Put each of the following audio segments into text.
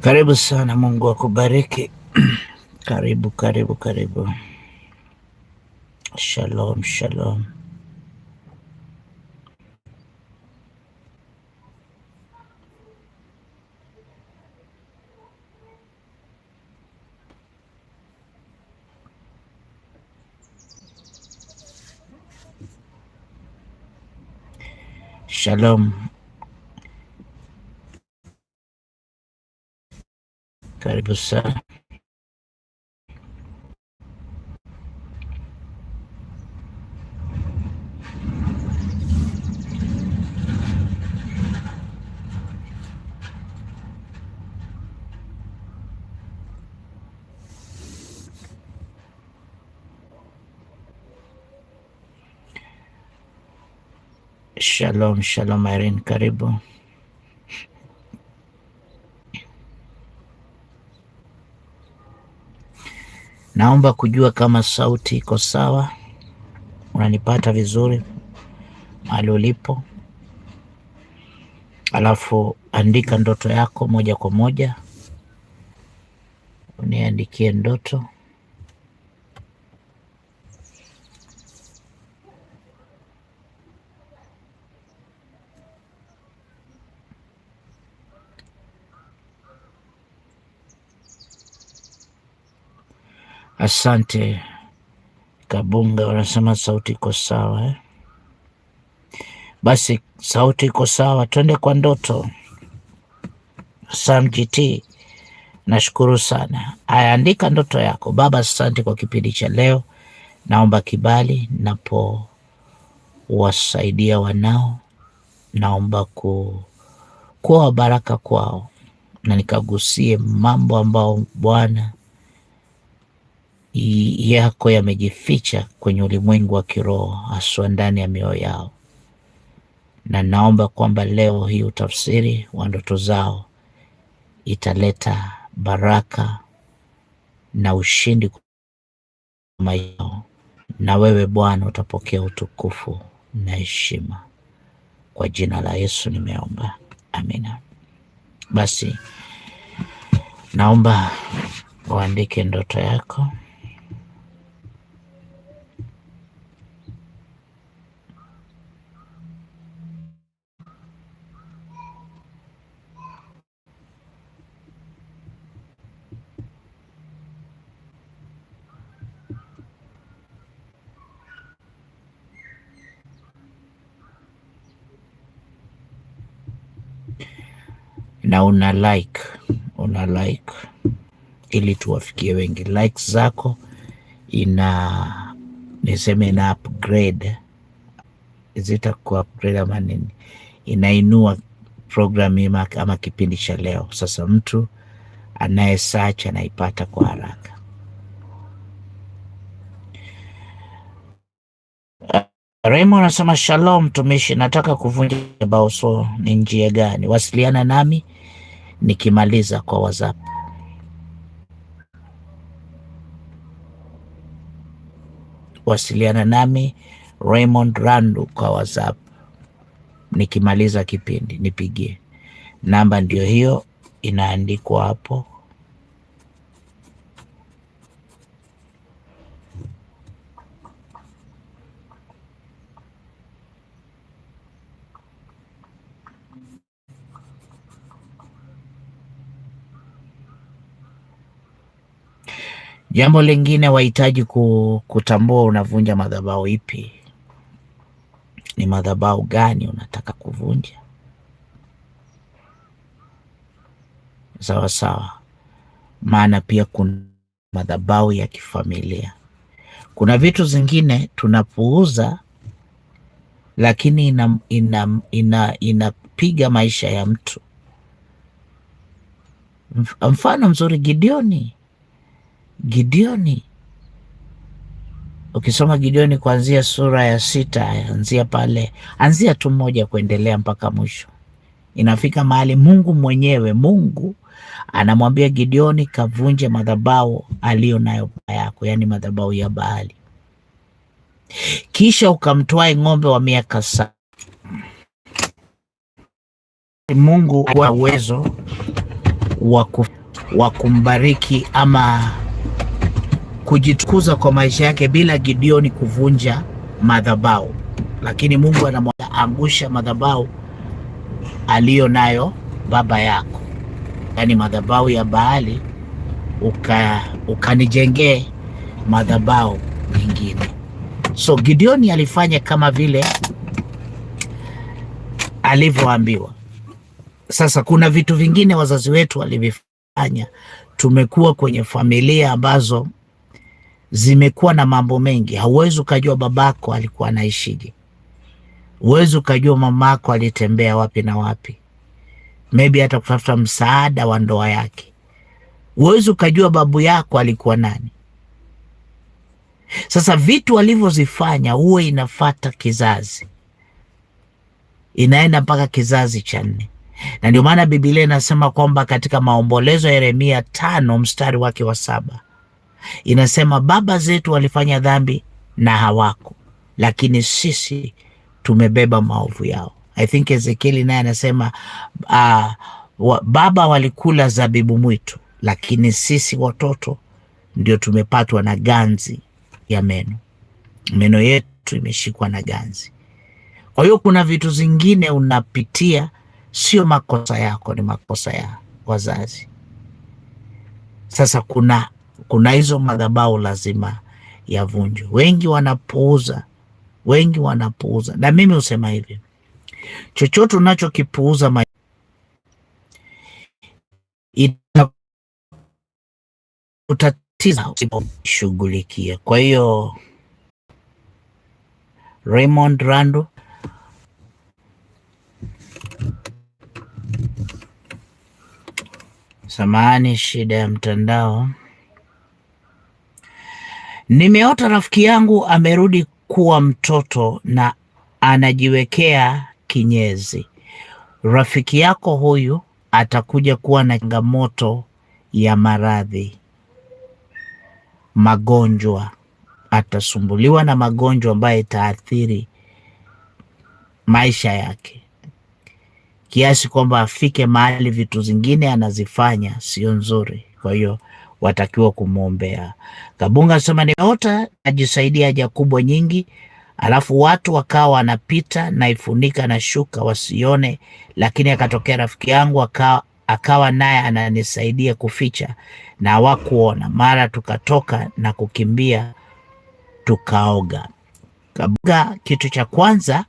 Karibu sana, Mungu akubariki. Karibu, karibu, karibu. Shalom, shalom. Shalom. قريب الساعة Shalom, shalom Irene. Karibu. Naomba kujua kama sauti iko sawa, unanipata vizuri mahali ulipo, alafu andika ndoto yako moja kwa moja, uniandikie ndoto. Asante Kabunga, wanasema sauti iko sawa eh? Basi sauti iko sawa, twende kwa ndoto. Sam GT, nashukuru sana. Ayaandika ndoto yako. Baba, asante kwa kipindi cha leo, naomba kibali napowasaidia wanao, naomba ku kuwa baraka kwao na nikagusie mambo ambao Bwana yako yamejificha kwenye ulimwengu wa kiroho, haswa ndani ya mioyo yao, na naomba kwamba leo hii utafsiri wa ndoto zao italeta baraka na ushindi kwa maisha yao, na wewe Bwana utapokea utukufu na heshima. Kwa jina la Yesu nimeomba, amina. Basi naomba uandike ndoto yako. na una like, una like ili tuwafikie wengi. Likes zako ina niseme, na upgrade zita ku upgrade ama nini, inainua program ima, ama kipindi cha leo. Sasa mtu anaye search anaipata kwa haraka. Remo anasema shalom, mtumishi, nataka kuvunja bao, so ni njia gani? Wasiliana nami nikimaliza kwa WhatsApp. Wasiliana nami Raymond Randu kwa WhatsApp. Nikimaliza kipindi nipigie namba, ndio hiyo inaandikwa hapo. Jambo lingine wahitaji kutambua, unavunja madhabahu ipi, ni madhabahu gani unataka kuvunja. Sawa sawa, maana pia kuna madhabahu ya kifamilia. Kuna vitu zingine tunapuuza, lakini ina, ina, ina, inapiga maisha ya mtu. Mfano mzuri Gideoni Gideoni. Ukisoma Gideoni kuanzia sura ya sita, anzia pale, anzia tu moja kuendelea mpaka mwisho, inafika mahali Mungu mwenyewe, Mungu anamwambia Gideoni, kavunje madhabahu aliyo nayo baba yako, yaani madhabahu ya Baali, kisha ukamtwae ng'ombe wa miaka saba. Mungu ana uwezo wa kumbariki ama kujitukuza kwa maisha yake bila Gideoni kuvunja madhabahu, lakini Mungu angusha madhabahu aliyo nayo baba yako, yaani madhabahu ya Baali, ukanijengee uka madhabahu mengine. So Gideoni alifanya kama vile alivyoambiwa. Sasa kuna vitu vingine wazazi wetu walivifanya. Tumekuwa kwenye familia ambazo zimekuwa na mambo mengi. Hauwezi ukajua babako alikuwa anaishije, huwezi ukajua mamako alitembea wapi na wapi, maybe hata kutafuta msaada wa ndoa yake, huwezi ukajua babu yako alikuwa nani. Sasa vitu walivyozifanya huwe inafata kizazi, inaenda mpaka kizazi cha nne, na ndio maana Biblia inasema kwamba katika maombolezo ya Yeremia tano mstari wake wa saba Inasema baba zetu walifanya dhambi na hawako, lakini sisi tumebeba maovu yao. I think Ezekieli naye anasema uh, wa, baba walikula zabibu mwitu, lakini sisi watoto ndio tumepatwa na ganzi ya meno, meno yetu imeshikwa na ganzi. Kwa hiyo kuna vitu zingine unapitia, sio makosa yako, ni makosa ya wazazi. Sasa kuna kuna hizo madhabahu lazima yavunjwe. Wengi wanapuuza, wengi wanapuuza, na mimi husema hivi, chochote unachokipuuza ma... utatiza shughulikia. Kwa hiyo Raymond Rando Samahani, shida ya mtandao. Nimeota rafiki yangu amerudi kuwa mtoto na anajiwekea kinyezi. Rafiki yako huyu atakuja kuwa na changamoto ya maradhi, magonjwa. Atasumbuliwa na magonjwa ambayo itaathiri maisha yake kiasi kwamba afike mahali vitu zingine anazifanya sio nzuri, kwa hiyo watakiwa kumwombea. Kabunga anasema nimeota najisaidia haja kubwa nyingi, alafu watu wakawa wanapita naifunika na shuka wasione, lakini akatokea rafiki yangu akawa akawa naye ananisaidia kuficha na wakuona Mara tukatoka na kukimbia tukaoga. Kabuga, kitu cha kwanza,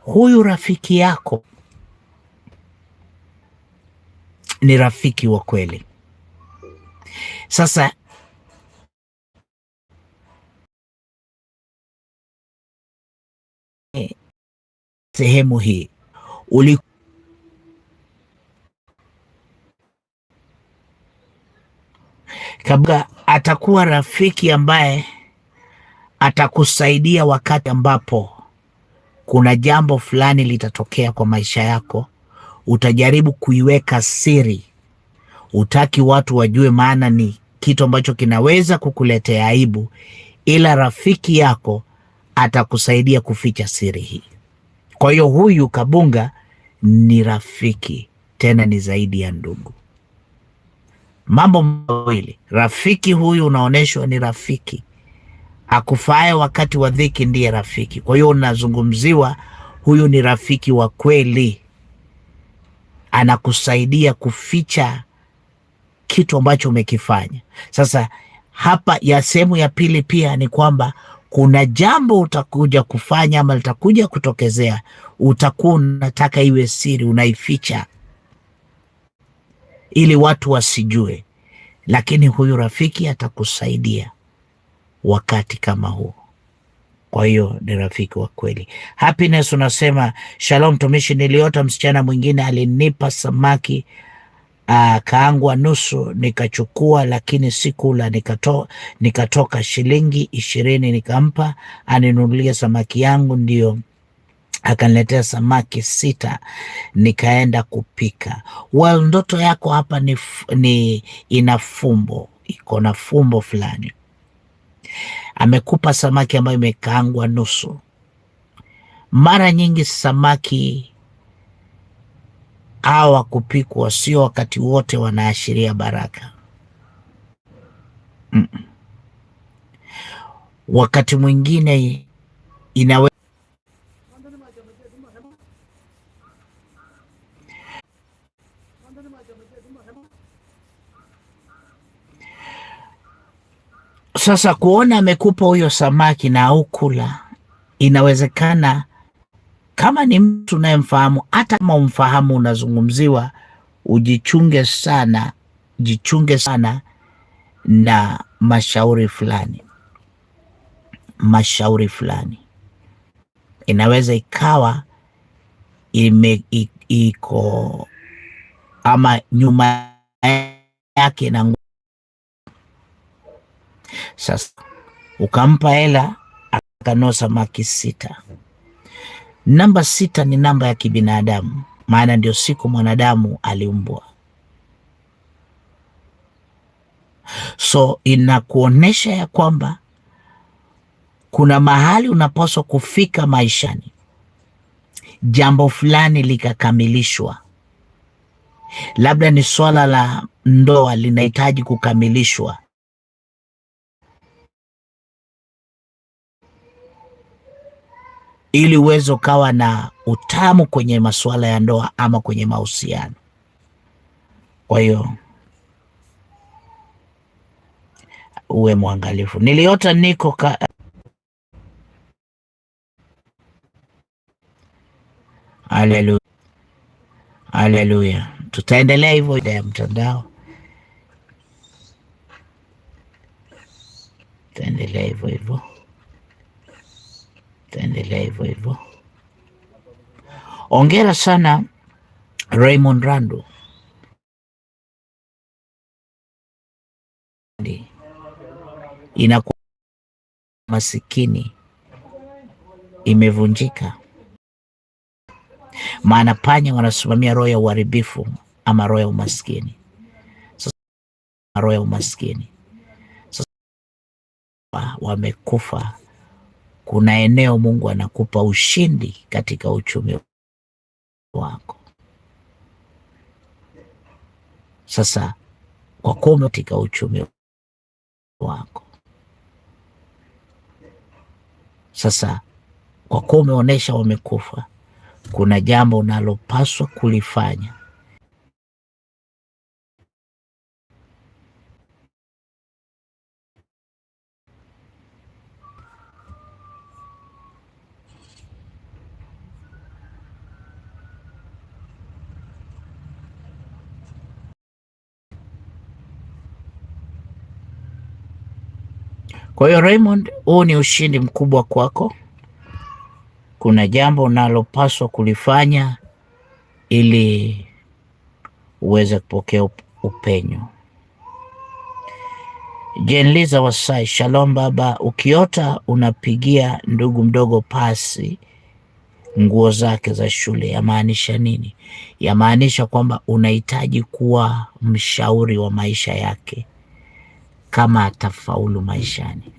huyu rafiki yako ni rafiki wa kweli. Sasa eh, sehemu hii uli kabla atakuwa rafiki ambaye atakusaidia wakati ambapo kuna jambo fulani litatokea kwa maisha yako. Utajaribu kuiweka siri, utaki watu wajue, maana ni kitu ambacho kinaweza kukuletea aibu, ila rafiki yako atakusaidia kuficha siri hii. Kwa hiyo huyu Kabunga ni rafiki, tena ni zaidi ya ndugu. Mambo mawili, rafiki huyu unaonyeshwa ni rafiki akufaaye wakati wa dhiki ndiye rafiki. Kwa hiyo unazungumziwa, huyu ni rafiki wa kweli, anakusaidia kuficha kitu ambacho umekifanya. Sasa hapa ya sehemu ya pili pia ni kwamba kuna jambo utakuja kufanya ama litakuja kutokezea, utakuwa unataka iwe siri, unaificha ili watu wasijue, lakini huyu rafiki atakusaidia wakati kama huo. Kwa hiyo ni rafiki wa kweli. Happiness unasema, shalom tumishi, niliota msichana mwingine alinipa samaki aa, kaangwa nusu nikachukua, lakini sikula nikato, nikatoka shilingi ishirini nikampa aninunulia samaki yangu, ndio akaniletea samaki sita nikaenda kupika. Well, ndoto yako hapa ni, ni ina fumbo, iko na fumbo fulani. Amekupa samaki ambayo imekaangwa nusu. Mara nyingi samaki hawa kupikwa sio wakati wote wanaashiria baraka. Mm -mm. Wakati mwingine inawe sasa kuona amekupa huyo samaki na aukula, inawezekana kama ni mtu unayemfahamu, hata kama umfahamu unazungumziwa, ujichunge sana, jichunge sana na mashauri fulani. Mashauri fulani inaweza ikawa ime, iko ama nyuma yake na sasa ukampa hela akanosa maki sita. Namba sita ni namba ya kibinadamu, maana ndio siku mwanadamu aliumbwa. So inakuonyesha ya kwamba kuna mahali unapaswa kufika maishani, jambo fulani likakamilishwa. Labda ni swala la ndoa linahitaji kukamilishwa, ili uweze ukawa na utamu kwenye masuala ya ndoa ama kwenye mahusiano. Kwa hiyo uwe mwangalifu. Niliota niko ka... Haleluya, haleluya. Tutaendelea hivyo ya mtandao, tutaendelea hivyo hivyo taendelea hivyo hivyo. Ongera sana Raymond Rando inakuwa masikini imevunjika, maana panya wanasimamia roho ya uharibifu ama roho ya umaskini. Sasa roho ya umaskini sasa wamekufa kuna eneo Mungu anakupa ushindi katika uchumi wako. Sasa kwa kuwa katika uchumi wako sasa, kwa kuwa umeonyesha wamekufa, kuna jambo unalopaswa kulifanya Kwa hiyo Raymond, huu ni ushindi mkubwa kwako. Kuna jambo unalopaswa kulifanya ili uweze kupokea upenyo. Jenliza Wasai, shalom baba. Ukiota unapigia ndugu mdogo pasi nguo zake za shule, yamaanisha nini? Yamaanisha kwamba unahitaji kuwa mshauri wa maisha yake kama atafaulu maishani.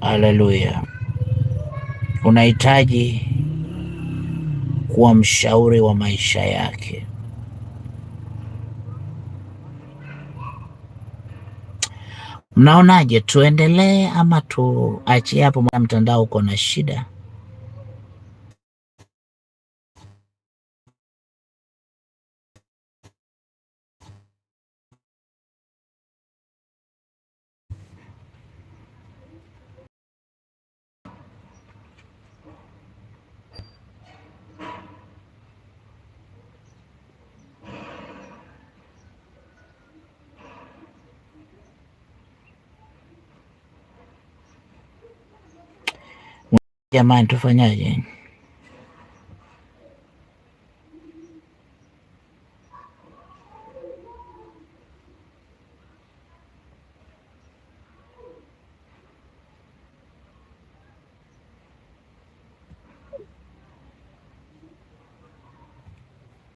Haleluya! Unahitaji kuwa mshauri wa maisha yake. Mnaonaje, tuendelee ama tuachie hapo? mtandao uko na shida. Jamani, tufanyaje?